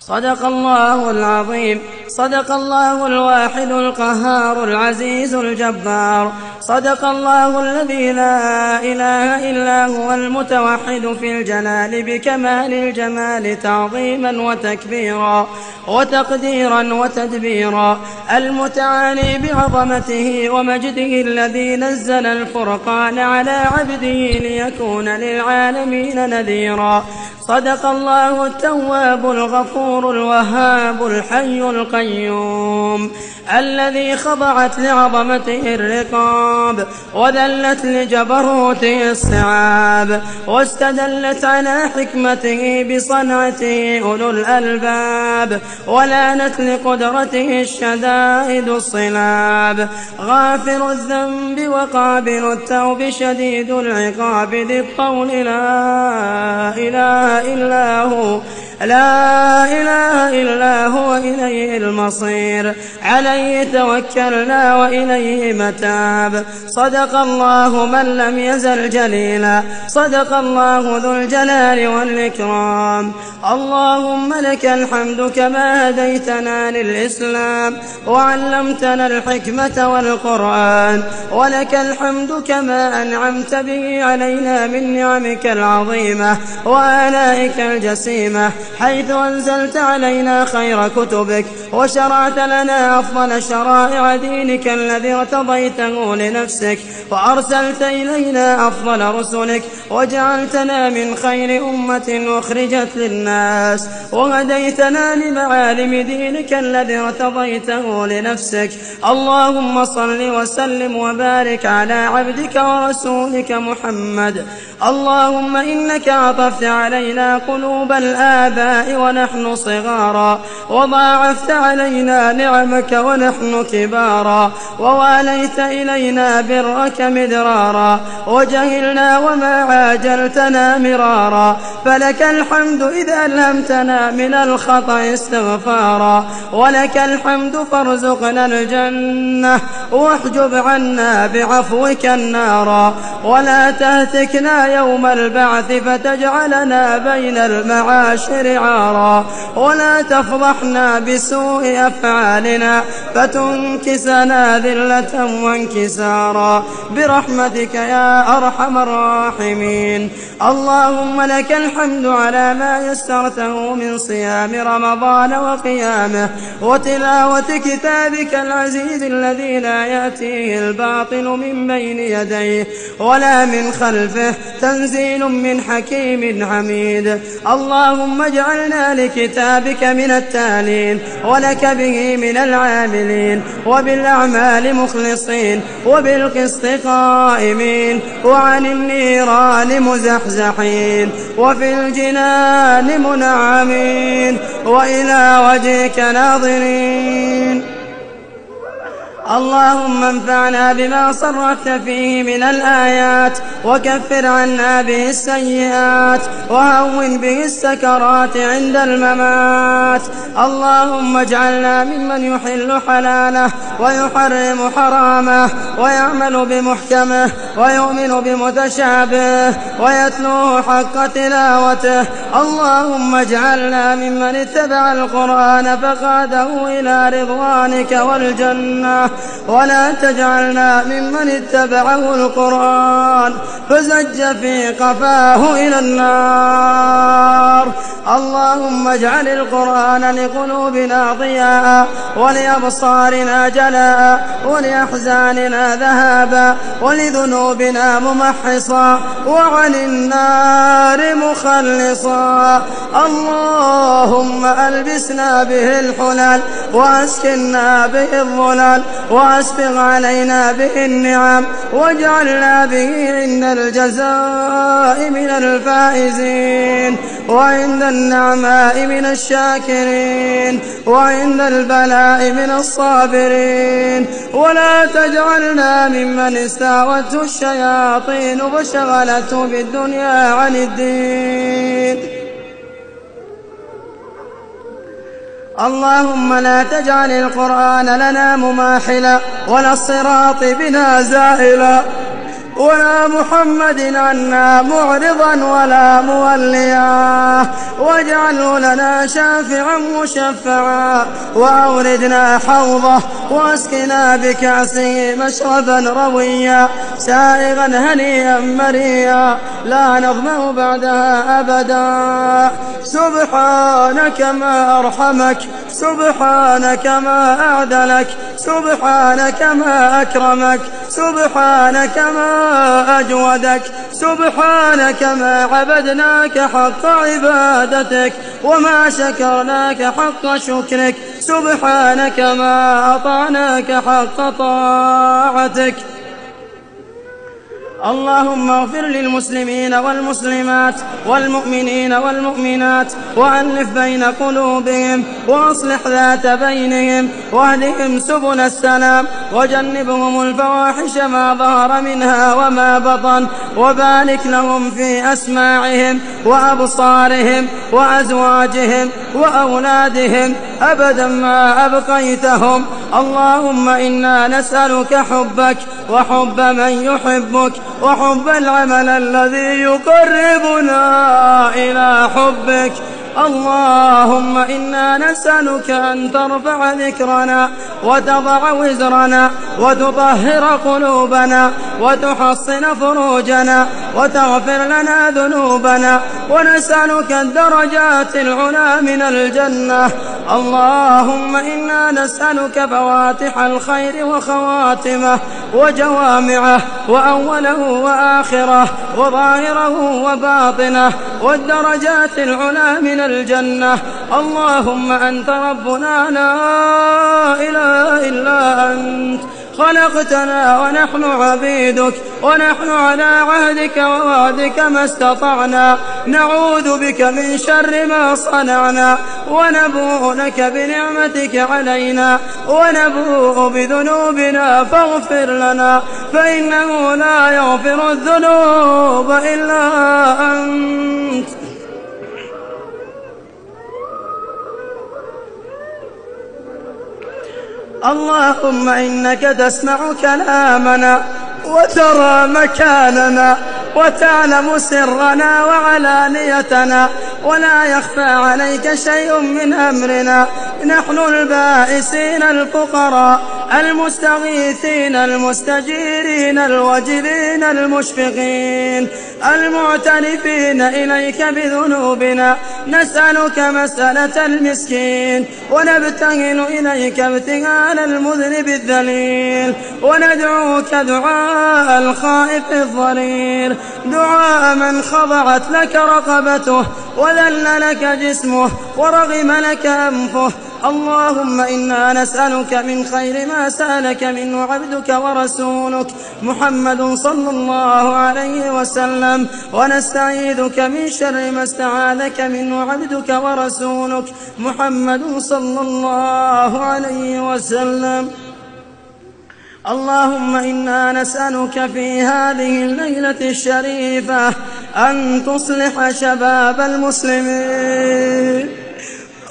صدق الله العظيم صدق الله الواحد القهار العزيز الجبار صدق الله الذي لا إله إلا هو المتوحد في الجلال بكمال الجمال تعظيما وتكبيرا وتقديرا وتدبيرا المتعالي بعظمته ومجده الذي نزل الفرقان على عبده ليكون للعالمين نذيرا صدق الله التواب الغفور الوهاب الحي القيوم القيوم الذي خضعت لعظمته الرقاب وذلت لجبروته الصعاب واستدلت على حكمته بصنعته أولو الألباب ولانت لقدرته الشدائد الصلاب غافر الذنب وقابل التوب شديد العقاب ذي الطول لا إله إلا هو لا إله إلا هو إليه المصير عليه توكلنا وإليه متاب صدق الله من لم يزل جليلا صدق الله ذو الجلال والإكرام اللهم لك الحمد كما هديتنا للإسلام وعلمتنا الحكمة والقرآن ولك الحمد كما أنعمت به علينا من نعمك العظيمة وآلائك الجسيمة حيث أنزلت علينا خير كتبك وشرعت لنا أفضل شرائع دينك الذي ارتضيته لنفسك وأرسلت إلينا أفضل رسلك وجعلتنا من خير أمة أخرجت للناس وهديتنا لمعالم دينك الذي ارتضيته لنفسك اللهم صل وسلم وبارك على عبدك ورسولك محمد اللهم إنك عطفت علينا قلوب الآباء ونحن صغارا وضاعفت علينا نعمك ونحن كبارا وواليت إلينا برك مدرارا وجهلنا وما عاجلتنا مرارا فلك الحمد إذا ألهمتنا من الخطأ استغفارا ولك الحمد فارزقنا الجنة واحجب عنا بعفوك النارا ولا تهتكنا يوم البعث فتجعلنا بين المعاشر شعارا ولا تفضحنا بسوء أفعالنا فتنكسنا ذلة وانكسارا برحمتك يا أرحم الراحمين اللهم لك الحمد على ما يسرته من صيام رمضان وقيامه وتلاوة كتابك العزيز الذي لا يأتيه الباطل من بين يديه ولا من خلفه تنزيل من حكيم حميد اللهم اجعل جعلنا لكتابك من التالين ولك به من العاملين وبالأعمال مخلصين وبالقسط قائمين وعن النيران مزحزحين وفي الجنان منعمين وإلى وجهك ناظرين اللهم انفعنا بما صرفت فيه من الآيات وكفر عنا به السيئات وهون به السكرات عند الممات اللهم اجعلنا ممن يحل حلاله ويحرم حرامه ويعمل بمحكمه ويؤمن بمتشابه ويتلوه حق تلاوته اللهم اجعلنا ممن اتبع القرآن فقاده إلى رضوانك والجنة ولا تجعلنا ممن اتبعه القرآن فزج في قفاه إلى النار اللهم اجعل القرآن لقلوبنا ضياء ولأبصارنا جلاء ولأحزاننا ذهابا ولذنوبنا ممحصا وعن النار مخلصا اللهم ألبسنا به الحلال وأسكنا به الظلال وأسبغ علينا به النعم واجعلنا به عند الجزاء من الفائزين وعند النعماء من الشاكرين وعند البلاء من الصابرين ولا تجعلنا ممن استاوته الشياطين فشغلته بالدنيا عن الدين اللهم لا تجعل القرآن لنا مماحلا ولا الصراط بنا زائلا ولا محمد عنا معرضا ولا موليا واجعله لنا شافعا مشفعا وأوردنا حوضه واسقنا بكأسه مشربا رويا سائغا هنيئا مريا لا نظمه بعدها أبدا سبحانك ما أرحمك سبحانك ما أعدلك سبحانك ما أكرمك سبحانك ما أجودك سبحانك ما عبدناك حق عبادتك وما شكرناك حق شكرك سبحانك ما أطعناك حق طاعتك اللهم اغفر للمسلمين والمسلمات والمؤمنين والمؤمنات وألف بين قلوبهم وأصلح ذات بينهم واهدهم سبل السلام وجنبهم الفواحش ما ظهر منها وما بطن وبارك لهم في أسماعهم وأبصارهم وأزواجهم وأولادهم أبدا ما أبقيتهم اللهم إنا نسألك حبك وحب من يحبك وحب العمل الذي يقربنا إلى حبك اللهم إنا نسألك أن ترفع ذكرنا وتضع وزرنا وتطهر قلوبنا وتحصن فروجنا وتغفر لنا ذنوبنا ونسألك الدرجات العلا من الجنة اللهم إنا نسألك فواتح الخير وخواتمه وجوامعه وأوله وآخره وظاهره وباطنه والدرجات العلا من الجنة اللهم أنت ربنا لا إله إلا أنت خلقتنا ونحن عبيدك ونحن على عهدك ووعدك ما استطعنا نعوذ بك من شر ما صنعنا ونبوء لك بنعمتك علينا ونبوء بذنوبنا فاغفر لنا فإنه لا يغفر الذنوب إلا أنت اللهم إنك تسمع كلامنا وترى مكاننا وتعلم سرنا وعلانيتنا ولا يخفى عليك شيء من أمرنا نحن البائسين الفقراء المستغيثين المستجيرين الوجلين المشفقين المعترفين إليك بذنوبنا نسألك مسألة المسكين ونبتهل إليك ابتهال المذنب الذليل وندعوك دعاء الخائف الضرير دعاء من خضعت لك رقبته وذل لك جسمه ورغم لك أنفه اللهم إنا نسألك من خير ما سألك منه عبدك ورسولك محمد صلى الله عليه وسلم ونستعيذك من شر ما استعاذك منه عبدك ورسولك محمد صلى الله عليه وسلم اللهم إنا نسألك في هذه الليلة الشريفة أن تصلح شباب المسلمين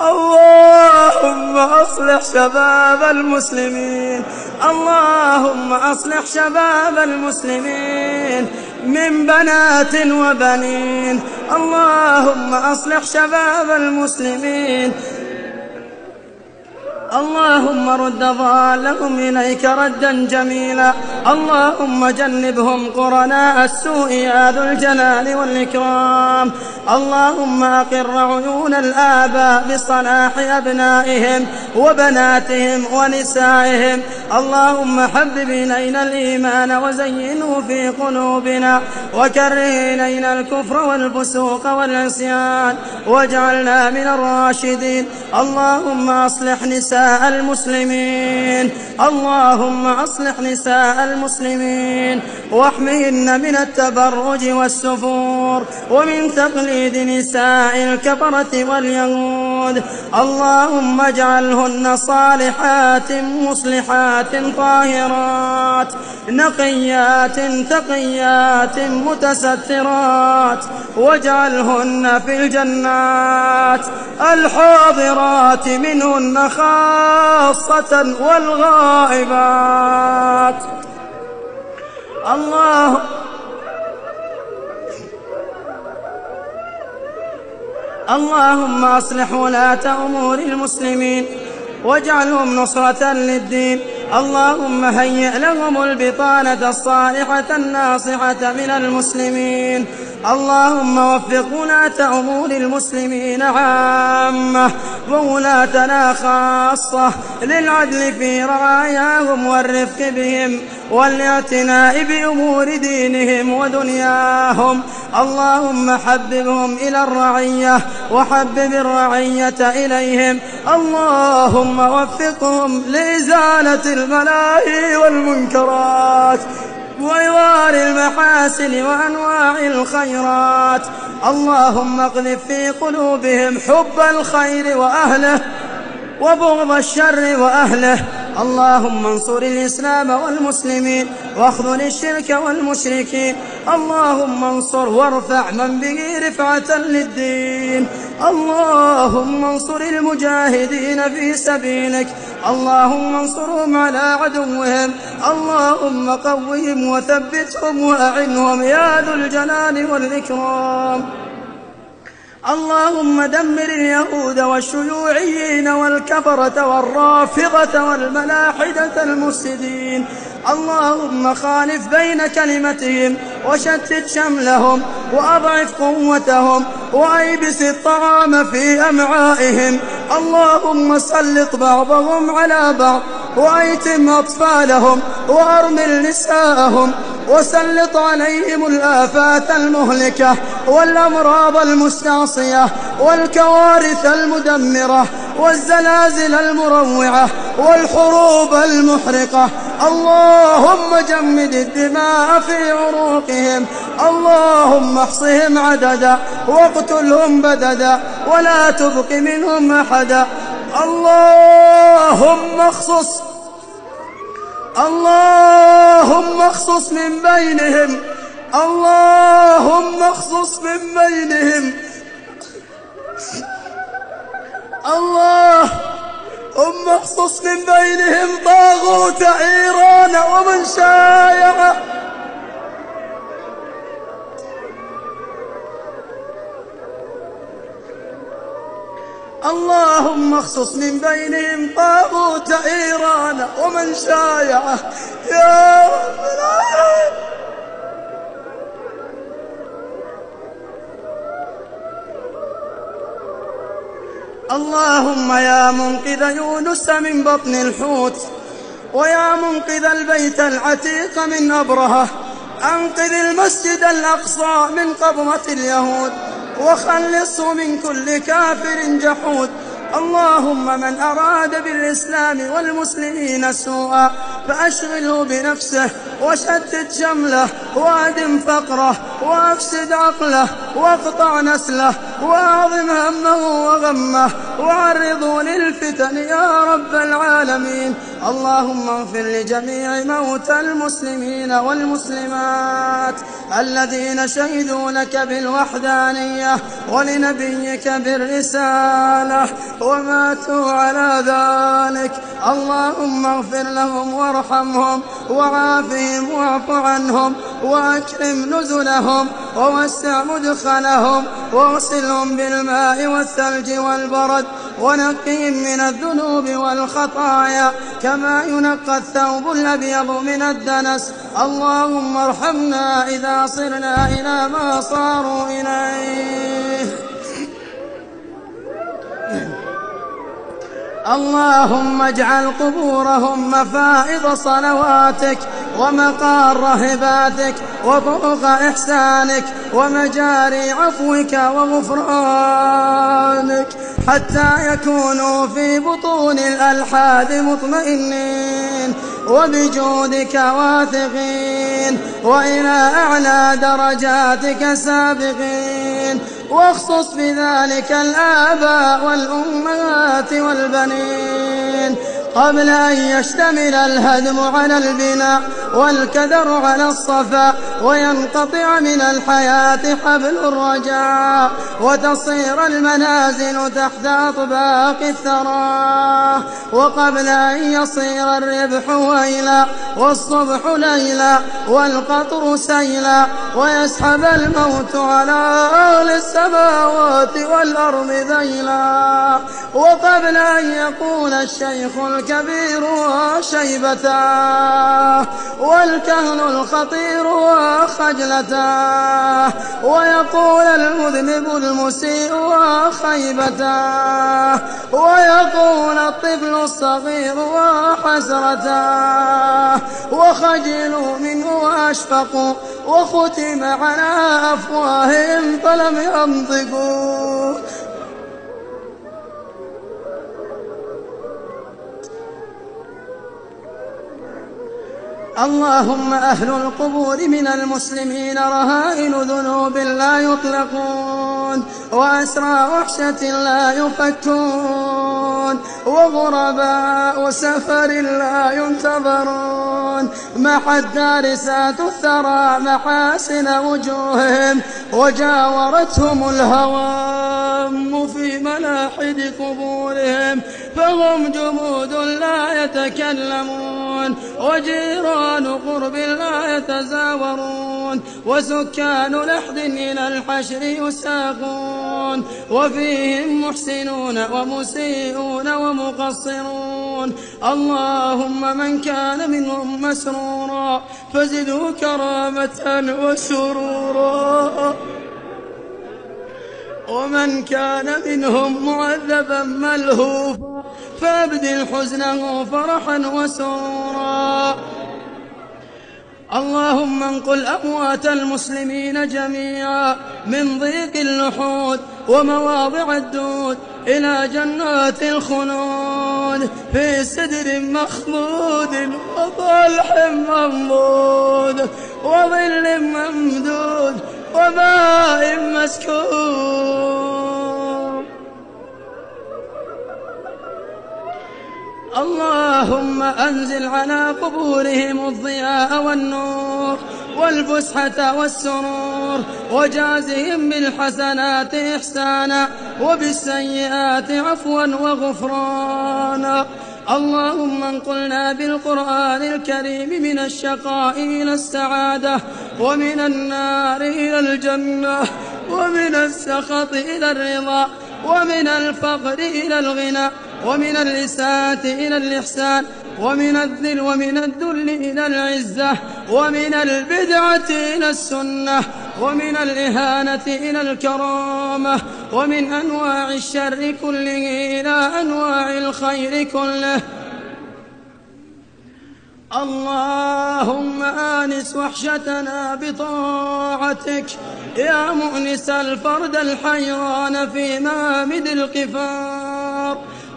اللهم أصلح شباب المسلمين اللهم أصلح شباب المسلمين من بنات وبنين اللهم أصلح شباب المسلمين اللهم رد ضالهم إليك ردا جميلا اللهم جنبهم قرناء السوء يا ذو الجلال والإكرام اللهم أقر عيون الآباء بصلاح أبنائهم وبناتهم ونسائهم اللهم حبب إلينا الإيمان وزينه في قلوبنا وكره إلينا الكفر والفسوق والعصيان واجعلنا من الراشدين اللهم أصلح نساءنا المسلمين اللهم أصلح نساء المسلمين واحمهن من التبرج والسفور ومن تقليد نساء الكفرة واليهود الخلود اللهم اجعلهن صالحات مصلحات طاهرات نقيات تقيات متسترات واجعلهن في الجنات الحاضرات منهن خاصة والغائبات الله اللهم أصلح ولاة أمور المسلمين واجعلهم نصرة للدين اللهم هيئ لهم البطانة الصالحة الناصحة من المسلمين اللهم وفق ولاة أمور المسلمين عامة وولاتنا خاصة للعدل في رعاياهم والرفق بهم والاعتناء بأمور دينهم ودنياهم اللهم حببهم إلى الرعية وحبب الرعية إليهم اللهم وفقهم لإزالة الملاهي والمنكرات وإوار المحاسن وأنواع الخيرات اللهم اقذف في قلوبهم حب الخير وأهله وبغض الشر وأهله اللهم انصر الإسلام والمسلمين واخذل الشرك والمشركين اللهم انصر وارفع من به رفعة للدين اللهم انصر المجاهدين في سبيلك اللهم انصرهم على عدوهم اللهم قوهم وثبتهم وأعنهم يا ذو الجلال والإكرام اللهم دمر اليهود والشيوعيين والكفرة والرافضة والملاحدة المفسدين اللهم خالف بين كلمتهم وشتت شملهم وأضعف قوتهم وأيبس الطعام في أمعائهم اللهم سلط بعضهم على بعض وأيتم أطفالهم وأرمل نساءهم وسلط عليهم الآفات المهلكة والأمراض المستعصية والكوارث المدمرة والزلازل المروعة والحروب المحرقة اللهم جمد الدماء في عروقهم اللهم احصهم عددا واقتلهم بددا ولا تبق منهم أحدا اللهم اخصص اللهم اخصص من بينهم اللهم اخصص من بينهم اللهم اخصص من بينهم طاغوت إيران ومن شايعه اللهم اخصص من بينهم طاغوت إيران ومن شايعه يا رب العالمين اللهم يا منقذ يونس من بطن الحوت ويا منقذ البيت العتيق من أبرهة أنقذ المسجد الأقصى من قبضة اليهود وخلصه من كل كافر جحود اللهم من أراد بالإسلام والمسلمين سوءا فأشغله بنفسه وشتت شمله وادم فقره وافسد عقله واقطع نسله واعظم همه وغمه وعرضوا للفتن يا رب العالمين اللهم اغفر لجميع موتى المسلمين والمسلمات الذين شهدوا لك بالوحدانية ولنبيك بالرسالة وماتوا على ذلك اللهم اغفر لهم وارحمهم وعافهم عليهم واعف عنهم وأكرم نزلهم ووسع مدخلهم واغسلهم بالماء والثلج والبرد ونقهم من الذنوب والخطايا كما ينقى الثوب الأبيض من الدنس اللهم ارحمنا إذا صرنا إلى ما صاروا إليه اللهم اجعل قبورهم مفائض صلواتك ومقار هباتك وطرق إحسانك ومجاري عفوك وغفرانك حتى يكونوا في بطون الألحاد مطمئنين وبجودك واثقين وإلى أعلى درجاتك سابقين واخصص بذلك الآباء والأمهات والبنين قبل أن يشتمل الهدم على البناء والكدر على الصفا وينقطع من الحياة حبل الرجاء وتصير المنازل تحت أطباق الثرى وقبل أن يصير الربح ويلا والصبح ليلا والقطر سيلا ويسحب الموت على أهل السماوات والأرض ذيلا وقبل أن يقول الشيخ الكبير وشيبته والكهن الخطير وخجلته ويقول المذنب المسيء وخيبته ويقول الطفل الصغير حسرتاه وخجلوا منه وأشفقوا وختم على أفواههم فلم ينطقوا اللهم أهل القبور من المسلمين رهائن ذنوب لا يطلقون وأسرى وحشة لا يفتون وغرباء سفر لا ينتظرون محت دارسات الثرى محاسن وجوههم وجاورتهم الهوام في ملاحد قبورهم فهم جمود لا يتكلمون وجيران جيران قرب لا يتزاورون وسكان لحد إلى الحشر يساقون وفيهم محسنون ومسيئون ومقصرون اللهم من كان منهم مسرورا فزدوا كرامة وسرورا ومن كان منهم معذبا ملهوفا فابدل حزنه فرحا وسرورا اللهم انقل أموات المسلمين جميعا من ضيق اللحود ومواضع الدود إلى جنات الخلود في سدر مخضود وطلح منضود وظل ممدود وماء مسكون اللهم أنزل على قبورهم الضياء والنور والفسحة والسرور وجازهم بالحسنات إحسانا وبالسيئات عفوا وغفرانا اللهم انقلنا بالقرآن الكريم من الشقاء إلى السعادة ومن النار إلى الجنة ومن السخط إلى الرضا ومن الفقر إلى الغنى ومن الإساءة إلى الإحسان ومن الذل ومن الذل إلى العزة ومن البدعة إلى السنة ومن الإهانة إلى الكرامة ومن أنواع الشر كله إلى أنواع الخير كله اللهم آنس وحشتنا بطاعتك يا مؤنس الفرد الحيران في مامد القفار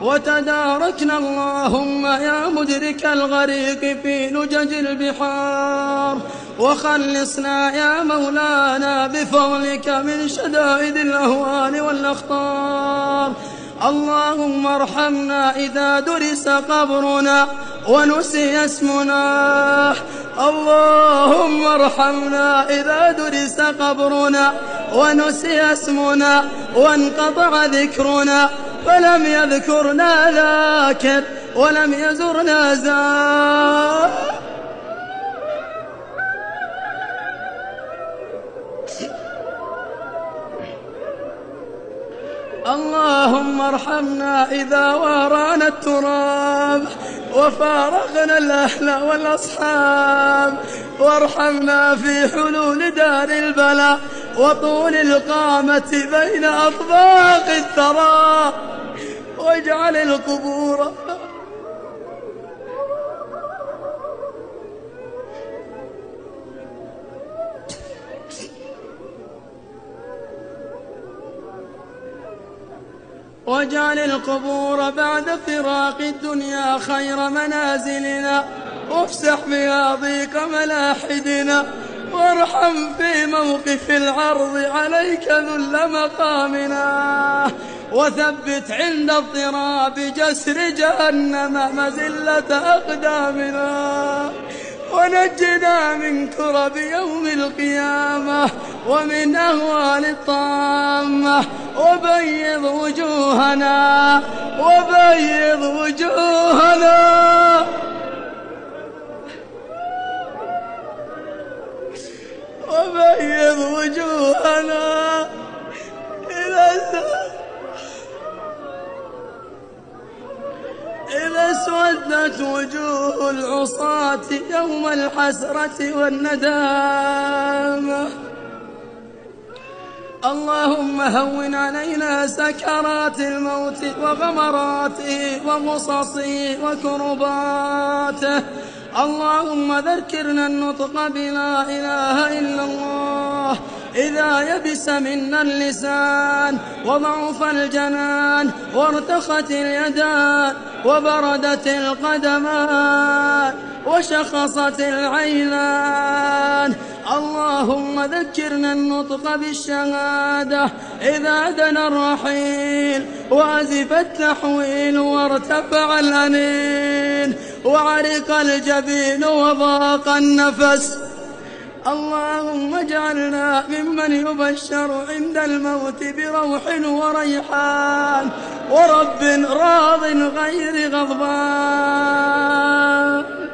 وتداركنا اللهم يا مدرك الغريق في لجج البحار وخلصنا يا مولانا بفضلك من شدائد الأهوال والأخطار اللهم ارحمنا إذا درس قبرنا ونسي اسمنا اللهم ارحمنا إذا درس قبرنا ونسي اسمنا وانقطع ذكرنا فلم يذكرنا ذاكر ولم يزرنا زار اللهم ارحمنا إذا وارانا التراب وفارقنا الأهل والأصحاب وارحمنا في حلول دار البلاء وطول القامة بين أطباق الثرى واجعل القبور واجعل القبور بعد فراق الدنيا خير منازلنا وافسح بها ضيق ملاحدنا وارحم في موقف العرض عليك ذل مقامنا وثبت عند اضطراب جسر جهنم مزلة أقدامنا ونجنا من كرب يوم القيامة ومن أهوال الطامة وبيض وجوهنا وبيض وجوهنا يوم الحسرة والندامة اللهم هون علينا سكرات الموت وغمراته وغصصه وكرباته اللهم ذكرنا النطق بلا إله إلا الله إذا يبس منا اللسان وضعف الجنان وارتخت اليدان وبردت القدمان وشخصت العينان اللهم ذكرنا النطق بالشهادة إذا دنا الرحيل وأزف التحويل وارتفع الأنين وعرق الجبين وضاق النفس اللهم اجعلنا ممن يبشر عند الموت بروح وريحان ورب راض غير غضبان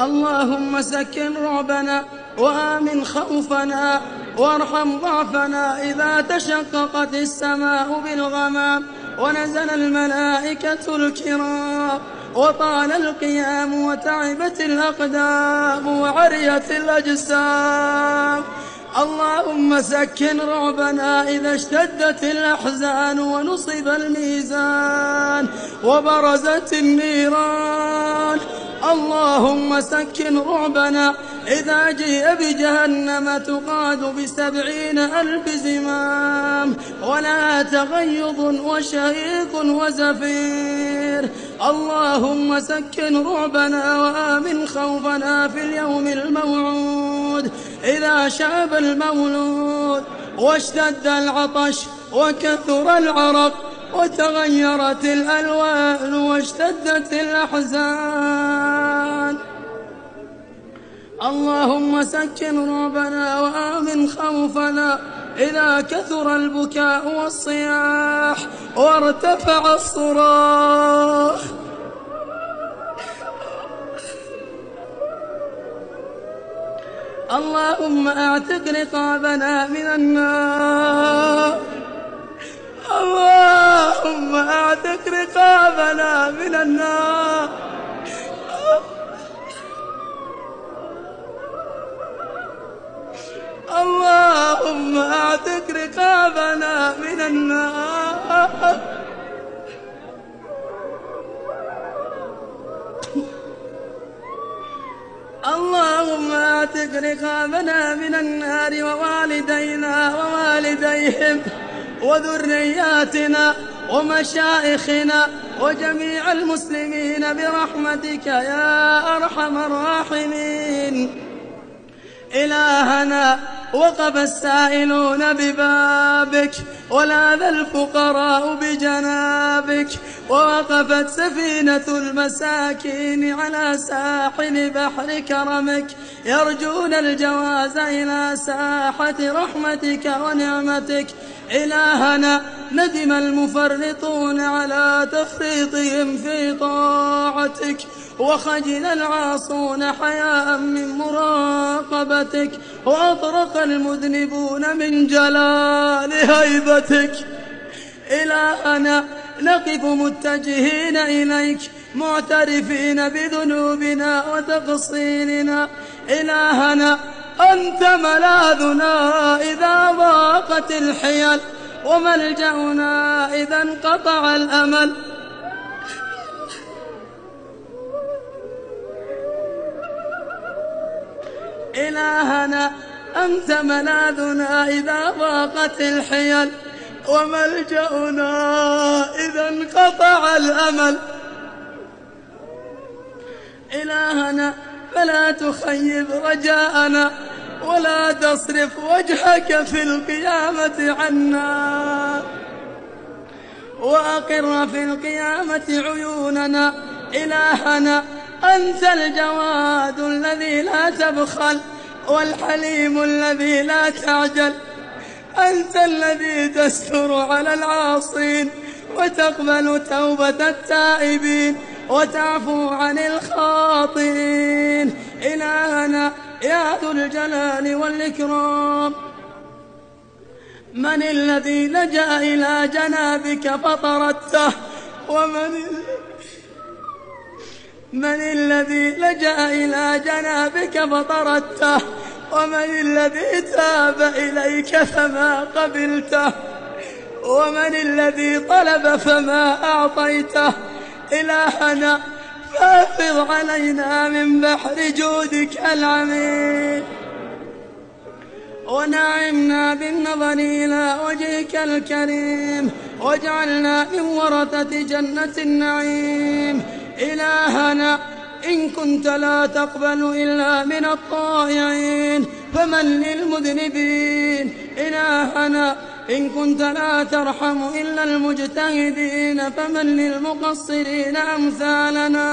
اللهم سكن رعبنا وآمن خوفنا وارحم ضعفنا إذا تشققت السماء بالغمام ونزل الملائكة الكرام وطال القيام وتعبت الأقدام وعريت الأجسام اللهم سكن رعبنا إذا اشتدت الأحزان ونصب الميزان وبرزت النيران اللهم سكن رعبنا إذا جيء بجهنم تقاد بسبعين ألف زمام ولا تغيض وشهيق وزفير اللهم سكن رعبنا وآمن خوفنا في اليوم الموعود إذا شاب المولود واشتد العطش وكثر العرق وتغيرت الألوان واشتدت الأحزان اللهم سكن رعبنا وآمن خوفنا إذا كثر البكاء والصياح وارتفع الصراخ اللهم اعتق رقابنا من النار اللهم اعتق رقابنا من النار اللهم اعتق رقابنا من النار الله ولا رقابنا من النار ووالدينا ووالديهم وذرياتنا ومشائخنا وجميع المسلمين برحمتك يا أرحم الراحمين إلهنا وقف السائلون ببابك ولاذ الفقراء بجنابك ووقفت سفينة المساكين على ساحل بحر كرمك يرجون الجواز إلى ساحة رحمتك ونعمتك إلهنا ندم المفرطون على تفريطهم في طاعتك وخجل العاصون حياء من مراقبتك وأطرق المذنبون من جلال هيبتك إلهنا نقف متجهين إليك معترفين بذنوبنا وتقصيرنا إلهنا أنت ملاذنا إذا ضاقت الحيل وملجأنا إذا انقطع الأمل إلهنا أنت ملاذنا إذا ضاقت الحيل وملجأنا إذا انقطع الأمل إلهنا فلا تخيب رجاءنا ولا تصرف وجهك في القيامة عنا وأقر في القيامة عيوننا إلهنا أنت الجواد الذي لا تبخل والحليم الذي لا تعجل أنت الذي تستر على العاصين وتقبل توبة التائبين وتعفو عن الخاطئين إلهنا يا ذو الجلال والإكرام من الذي لجأ إلى جنابك فطردته ومن من الذي لجأ إلى جنابك فطردته ومن الذي تاب إليك فما قبلته ومن الذي طلب فما أعطيته إلهنا فافض علينا من بحر جودك العميل ونعمنا بالنظر إلى وجهك الكريم واجعلنا من ورثة جنة النعيم إلهنا إن كنت لا تقبل إلا من الطائعين فمن للمذنبين إلهنا إن كنت لا ترحم إلا المجتهدين فمن للمقصرين أمثالنا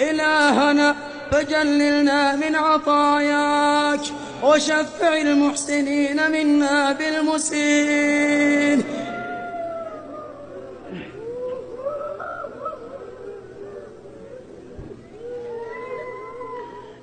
إلهنا فجللنا من عطاياك وشفع المحسنين منا بالمسيئين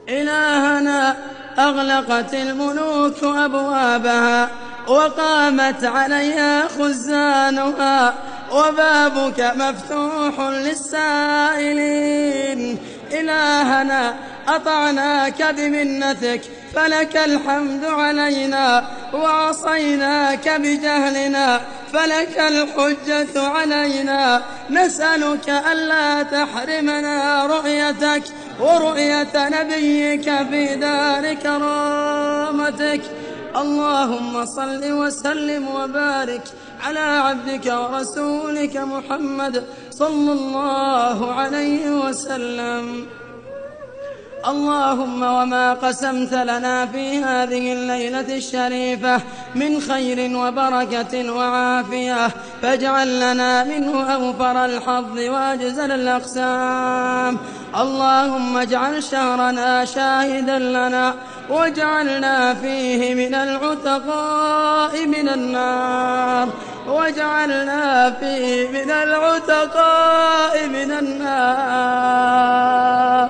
إلهنا أغلقت الملوك أبوابها وقامت عليها خزانها وبابك مفتوح للسائلين إلهنا أطعناك بمنتك فلك الحمد علينا وعصيناك بجهلنا فلك الحجة علينا نسألك ألا تحرمنا رؤيتك ورؤية نبيك في دار كرامتك اللهم صل وسلم وبارك على عبدك ورسولك محمد صلى الله عليه وسلم اللهم وما قسمت لنا في هذه الليلة الشريفة من خير وبركة وعافية فاجعل لنا منه أوفر الحظ وأجزل الأقسام اللهم اجعل شهرنا شاهدا لنا وجعلنا فيه من العتقاء من النار وجعلنا فيه من العتقاء من النار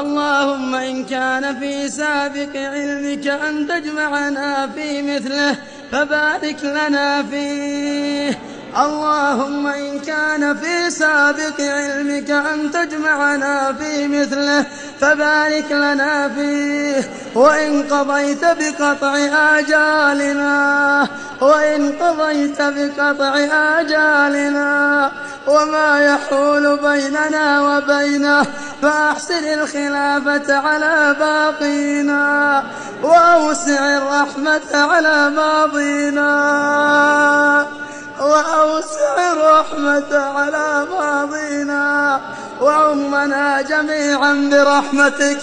اللهم إن كان في سابق علمك أن تجمعنا في مثله فبارك لنا فيه اللهم إن كان في سابق علمك أن تجمعنا في مثله فبارك لنا فيه وإن قضيت بقطع آجالنا وإن قضيت بقطع آجالنا وما يحول بيننا وبينه فأحسن الخلافة على باقينا وأوسع الرحمة على ماضينا وأوسع الرحمة على ماضينا وعمنا جميعا برحمتك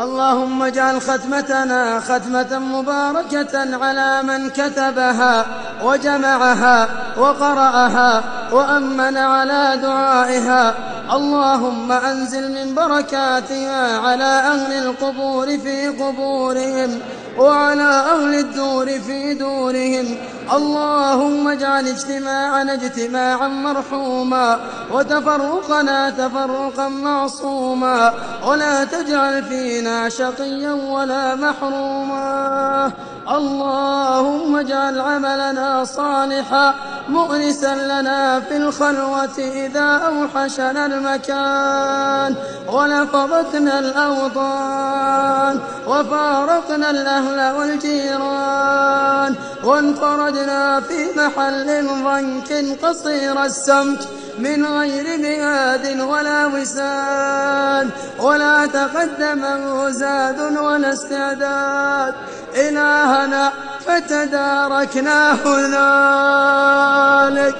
اللهم اجعل ختمتنا ختمة مباركة على من كتبها وجمعها وقرأها وأمن على دعائها اللهم أنزل من بركاتها على أهل القبور في قبورهم وعلى أهل الدور في دورهم اللهم اجعل اجتماعنا اجتماعا مرحوما وتفرقنا تفرقا معصوما ولا تجعل فينا سيدنا شقيا ولا محروما اللهم اجعل عملنا صالحا مؤنسا لنا في الخلوة إذا أوحشنا المكان ولفظتنا الأوطان وفارقنا الأهل والجيران وانفردنا في محل ضنك قصير السمت من غير مهاد ولا وساد ولا تقدمه زاد ولا استعداد إلهنا فتداركنا هنالك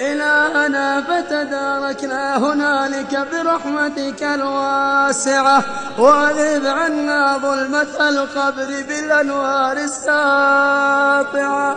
إلهنا فتداركنا هنالك برحمتك الواسعة وأذب عنا ظلمة القبر بالأنوار الساطعة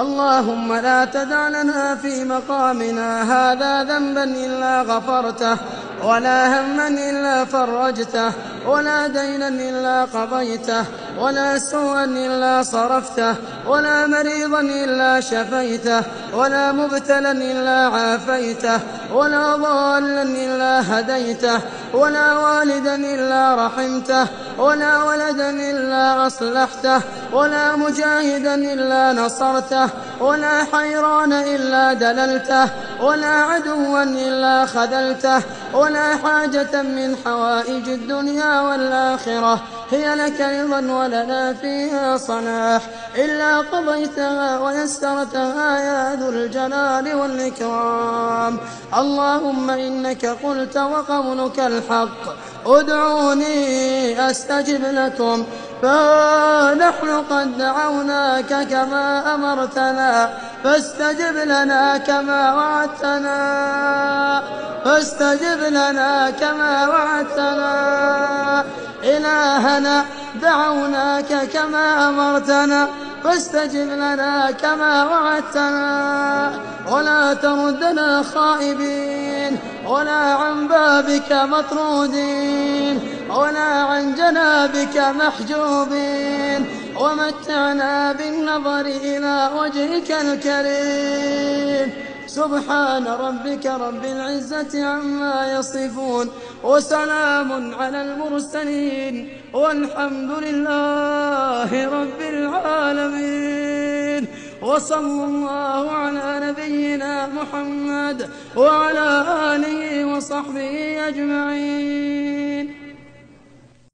اللهم لا تدع لنا في مقامنا هذا ذنبا إلا غفرته ولا هما إلا فرجته ولا دينا إلا قضيته ولا سوءا إلا صرفته ولا مريضا إلا شفيته ولا مبتلا إلا عافيته ولا ضالا إلا هديته ولا والدا إلا رحمته ولا ولدا إلا أصلحته ولا مجاهدا إلا نصرته ولا حيران إلا دللته ولا عدوا إلا خذلته ولا حاجة من حوائج الدنيا والآخرة هي لك أيضا ولنا فيها صلاح إلا قضيتها ويسرتها يا ذو الجلال والإكرام اللهم إنك قلت وقولك الحق ادعوني أستجب لكم فنحن قد دعوناك كما أمرتنا فاستجب لنا كما وعدتنا فاستجب لنا كما وعدتنا إلهنا دعوناك كما أمرتنا فاستجب لنا كما وعدتنا ولا تردنا خائبين ولا عن بابك مطرودين ولا عن جنابك محجوبين ومتعنا بالنظر إلى وجهك الكريم سبحان ربك رب العزة عما يصفون وسلام على المرسلين والحمد لله رب العالمين وصلى الله على نبينا محمد وعلى آله وصحبه أجمعين